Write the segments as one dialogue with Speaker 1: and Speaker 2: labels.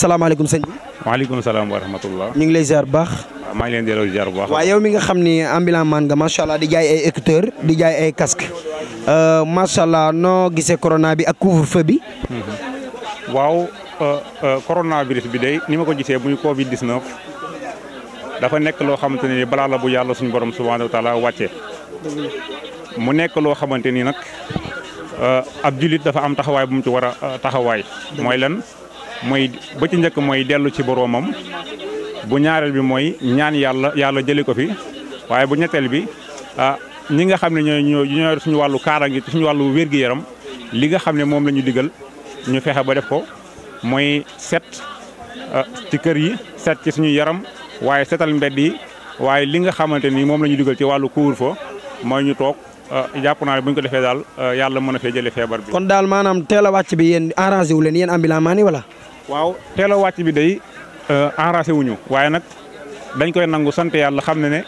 Speaker 1: salaamaaleykum sëñ bi.
Speaker 2: waaleykum salaam wa rahmatullah. ñu
Speaker 1: ngi lay ziar bu baax.
Speaker 2: waaw maa ngi leen di delloo ziar
Speaker 1: bu baax. mi nga xam ni ambulant man nga macha allah di jaay ay écouteurs di jaay ay casque euh, macha allah noo gisee corona bi ak couvre feu bi.
Speaker 2: Mhm. waaw euh, euh, coronavirus bi day ni ma ko gisee muy Covid 19 dafa nekk loo xamante ni balaa la bu yàlla suñu borom subhaanahu wa taala wàccee. mu nekk loo xamante ni nag ab jullit dafa am taxawaay bu mu ci war a taxawaay. mooy lan. mooy ba ci njëkk mooy dellu ci boroomam bu ñaareel bi mooy ñaan yàlla yàlla jëlee ko fi waaye bu ñetteel bi ah ñi nga xam ne ñoo ñoo suñu wàllu kaaraange suñu wàllu wér-gi-yaram li nga xam ne moom lañu digal ñu fexe ba def ko mooy set ah, ci kër yi set ci suñu yaram waaye setal mbedd yi waaye li nga xamante ni moom la ñu digal ci wàllu couvre-feu mooy ñu toog ah, jàpp naa ne bu ñu ko defee daal ah, yàlla mën a fee jëlee feebar bi. kon
Speaker 1: daal maanaam teel wàcc bi yéen arrangé wu leen yéen ambulant maani wala.
Speaker 2: waaw teel a wàcc bi day euh, enragé wuñu waaye nag dañ koy nangu sant yàlla xam ne ne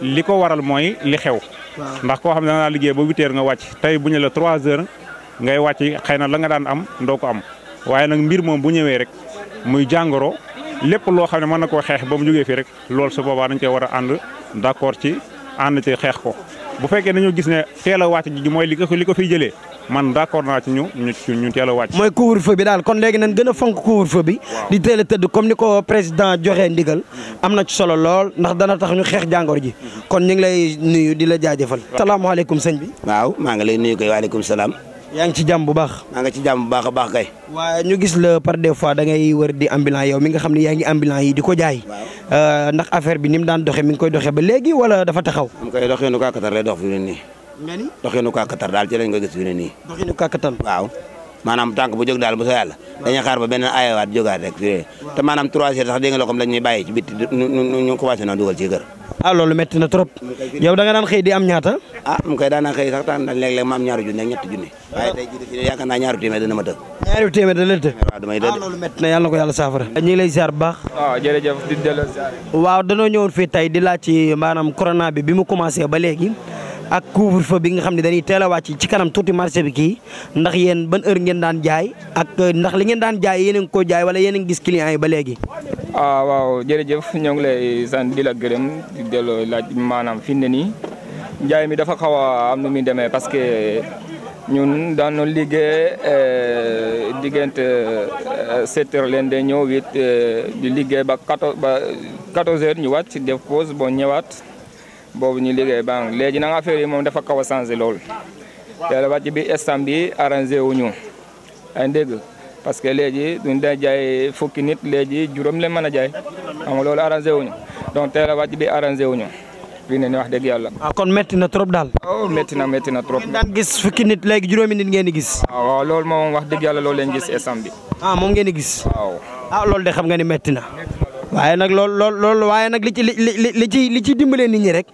Speaker 2: li ko waral mooy li xew. ndax koo xam ne da nga liggéey ba huit nga wàcc tey bu ñu la trois heures ngay wàcc xëy na la nga daan am ndoo ko am waaye nag mbir moom bu ñëwee rek muy jàngoro lépp loo xam ne mën na koo xeex ba mu jógee fii rek lool su boobaa dañ koy war a ànd d' accord ci ànd ci xeex ko bu fekkee dañoo gis ne teel a ji mooy li ko li jëlee man d'accord naa ci ñu ñu ñu teel mooy couvre-feu bi daal kon léegi nañ gën a fonk
Speaker 1: couvre-feu bi. di tëdd comme ni ko président joxe ndigal. am na ci solo lool ndax dana tax ñu xeex jàngoro ji. kon ñu ngi lay nuyu di la jaajëfal. salaamaaleykum sëñ bi.
Speaker 3: waaw maa ngi lay nuyu
Speaker 1: kay waaleykum salaam. yaa ngi ci jàmm bu baax. maa nga ci jàmm bu baax a baax kay. waaye ñu gis la par des fois da ngay wër di ambulant yow mi nga xam ne yaa ngi ambulant yi di ko jaay. Euh, ndax affaire bi ni mu daan doxee mi ngi koy doxee ba léegi wala taxaw. mu koy doxee nu nga ni doxinu kàkkatar daal ci lañ nga gis fi ne nii. doxinu kàkkatar waaw. maanaam tànk bu jóg daal bu soo yàlla dañuy xaar ba beneen ayawaat jógaat rek fi te maanaam ah, trop yow da nga di am ñaata ah mu koy daanaa xëy sax tan léeg-léeg ma am ñaari
Speaker 3: junni ak ñetti junni ah. tey jii fi yaakaar naa ñaari téeméer dana ma tëg
Speaker 1: ñaari téeméer da leen tëg waaw ah, damay na yàlla ko yàlla saafara ñu ngi lay ziar baax
Speaker 3: waaw jërëjëf di
Speaker 1: fii tey di laaj ci maanaam bi bi mu commencé ba léegi ak couvre feu bi nga xam ne dañuy teel a wàcc ci kanam tuuti marché bi kii ndax yéen ban heure ngeen daan jaay ak euh, ndax li ngeen daan jaay yen a ngi ko jaay wala yéen a ngi gis clients yi ba léegi.
Speaker 3: ah waaw jërëjëf ñoo ngi lay sant di la gërëm di delloo laaj maanaam fi ne nii njaay mi dafa xaw a am nu muy demee parce que ñun daanu liggéey euh, diggante euh, sept leen de ñëw huit di liggéey ba quatorze ba quatorze heures ñu wàcc def pause boo ñëwaat. boobu ñu liggéey baa na léegi nag affaire yi moom dafa kaw a changé lool te bi instant bi arrangé wu ay dégg parce que léegi duñ day jaay fukki nit léegi juróom leen mën a jaay loolu arrangé wuñu donc teel a bi arrangé wuñu fii ne ni wax dëgg yàlla. a ah, kon
Speaker 1: métti na trop daal. oh métti na métti na trop. daan gis fukki nit léegi juróomi nit ngeen di gis. waaw ah, waaw loolu moom wax dëgg yàlla loolu leen gis instant bi. ah moom ngeen di gis. waaw ah, loolu de xam nga ni métti na. waaye nag lool lool loolu waaye nag li ci li li ci li ci dimbalee nit ñi rek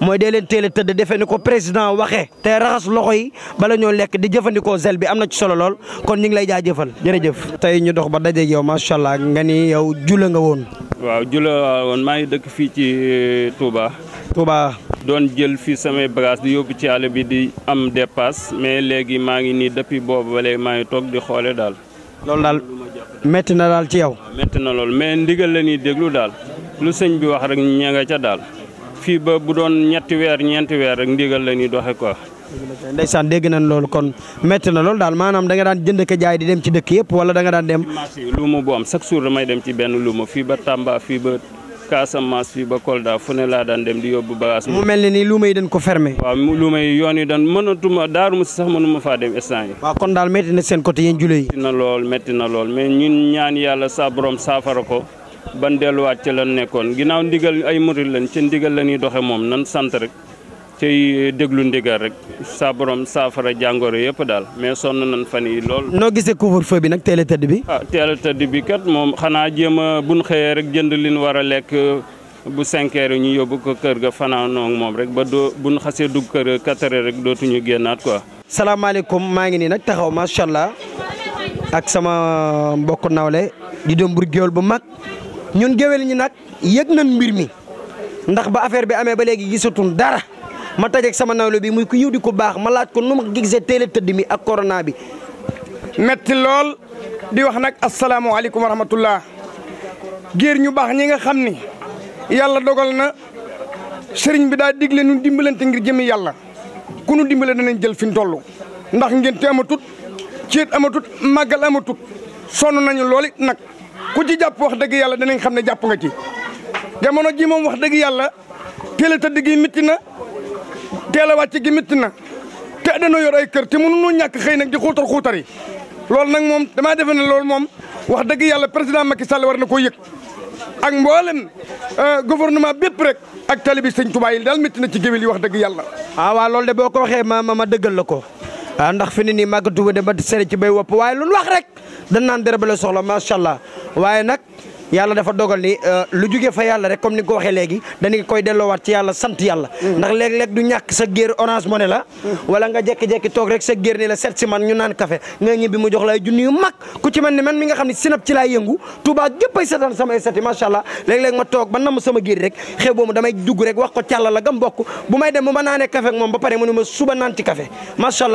Speaker 1: mooy dee leen teel a tëdd defe ni ko président waxee te raxas loxo yi bala ñoo lekk di jëfandikoo gel bi am na ci solo lool kon ñu ngi lay jaajëfal jërëjëf. tey ñu dox ba dajeeg yow macha allah nga ni yow jula nga woon.
Speaker 3: waaw jula woon maa ngi dëkk fii ci eh, Touba. Touba. doon jël fii samay bagages di yóbbu ci àll bi di am dépasse mais léegi maa ngi nii depuis boobu ba maa ngi toog di xoole daal. loolu daal
Speaker 1: metti na daal ci yow.
Speaker 3: metti na lool mais ndigal la ñuy déglu daal lu sëñ bi wax rek ña nga ca daal fii ba bu doon ñetti weer ñeenti weer rek ndigal la ñuy doxee quoi.
Speaker 1: ndeysaan dégg nañ loolu kon metti na loolu daal maanaam danga daan jënd ka jaay di dem ci dëkk yëpp wala danga daan dem.
Speaker 3: luuma bu am chaque jour may dem ci benn luuma fii ba Tamba fii ba Casamance fii ba Kolda fu ne laa daan dem di yóbbu bagage mu mel
Speaker 1: ne ni luuma yi dañ ko fermé
Speaker 3: waaw luuma yi yoon yi dañ mënatuma daaru ma si sax mënuma faa dem instant yi
Speaker 1: kon daal métti na seen côté yéen jule yi
Speaker 3: métti na lool métti na lool mais ñun ñaan yàlla sa borom saafara ko ban delluwaat ci lan nekkoon ginnaaw ndigal ay murit lañ ci ndigal la ñuy doxe moom nan sant rek tey déglu ndigal rek sa borom saafara jàngoro yëpp daal mais sonn nañ fan yi lool.
Speaker 1: noo gisee couvre-feu bi nag teel a bi.
Speaker 3: ah teel bi kat moom xanaa jéem a bu ñu xëyee rek jënd li ñu war a lekk bu 5 heures ñu yóbbu ko kër ga fanaanoo moom rek ba doo bu ñu xasee dugg kër 4 heures rek dootuñu génnaat quoi.
Speaker 1: salaamaaleykum maa ngi nii nag taxaw macha allah ak sama mbokk nawle di doom bur bu mag ñun géwél ñi nag yëg nañ mbir mi ndax ba affaire bi amee ba léegi dara. ma tajeeg sama nawle bi muy ku yiw di ko baax ma laaj ko nu ma gisee teel tëdd mi ak corona bi. metti lool di wax nag asalaamaaleykum
Speaker 4: wa rahmatullah géer ñu baax ñi nga xam ni yàlla dogal na sëriñ bi daal digle nu dimbalante ngir jëmi yàlla ku nu dimbale danañ jël fi ñu toll. ndax ngénte amatut ceet amatut màggal amatut sonn nañu lool it nag ku ci jàpp wax dëgg yàlla danañ xam ne jàpp nga ci jamono ji moom wax dëgg yàlla teel a tëdd gi métti na. teel a wàcc gi métti na te dañoo yor ay kër te mënuñoo ñàkk xëy nag di xuutar xuutar yi loolu nag moom damaa defe ne loolu moom wax dëgg yàlla président Macky Sall war na ko yëg ak mboolem euh, gouvernement bépp rek ak
Speaker 1: talibi sëñ Touba yi daal métti na ci géwél yi wax dëgg yàlla. ah waaw de boo ko waxee ma ma dëggal la ko ah ndax fi ni nii màggatu ba de ba sere ci bay wopp waaye lu nu wax rek dañ naan dara ba la soxla macha allah waaye nag. yàlla dafa dogal ni euh, lu jóge fa yàlla rek comme ni nga ko waxee léegi dañu koy delloowaat ci yàlla sant yàlla mm. ndax léeg-léeg du ñàkk sa géer orange money la mm. wala nga jekki-jekki toog rek sa géer ni la set si man ñu naan café nga ñibbi mu jox lay junni yu mag ku ci man mi nga xam ne sinap ci laay yëngu Touba gépp ay setaan samay seti macha allah léeg-léeg ma toog ba nam sama géer rek xew boobu damay dugg rek wax ko càlla la gam bokk bu may dem ma naanee café ak ma suba naan ci café macha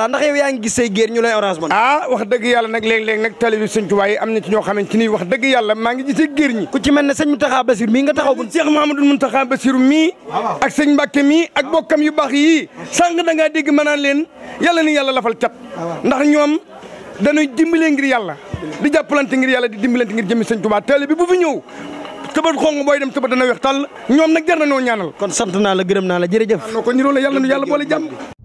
Speaker 1: ah, wax dëgg yàlla nag léeg-léeg nag tali bi suñ tuwaay am na ci ñoo xamante ni wax
Speaker 4: dëgg yàlla maa ngi gis martyr ñi ku ci mel ne sëñ Mountakha Bassir mii nga taxaw bu Cheikh Mouhamadou Mountakha Bassir mii ak sëñ Mbacke mi ak bokkam yu baax yi sànq da ngaa dégg ma naan leen yalla ni yàlla lafal cat ndax ñoom dañuy dimbalee ngir yàlla di jàppalante ngir yàlla di dimbalante ngir jëmi sëñ Touba teel bi bu fi ñëw tëbët xong booy dem tëbët dana weex tàll ñoom nag jar na noo ñaanal kon
Speaker 1: sant naa la gërëm naa la jërëjëf
Speaker 4: ko ñu la yàlla nu yàlla boole jàmm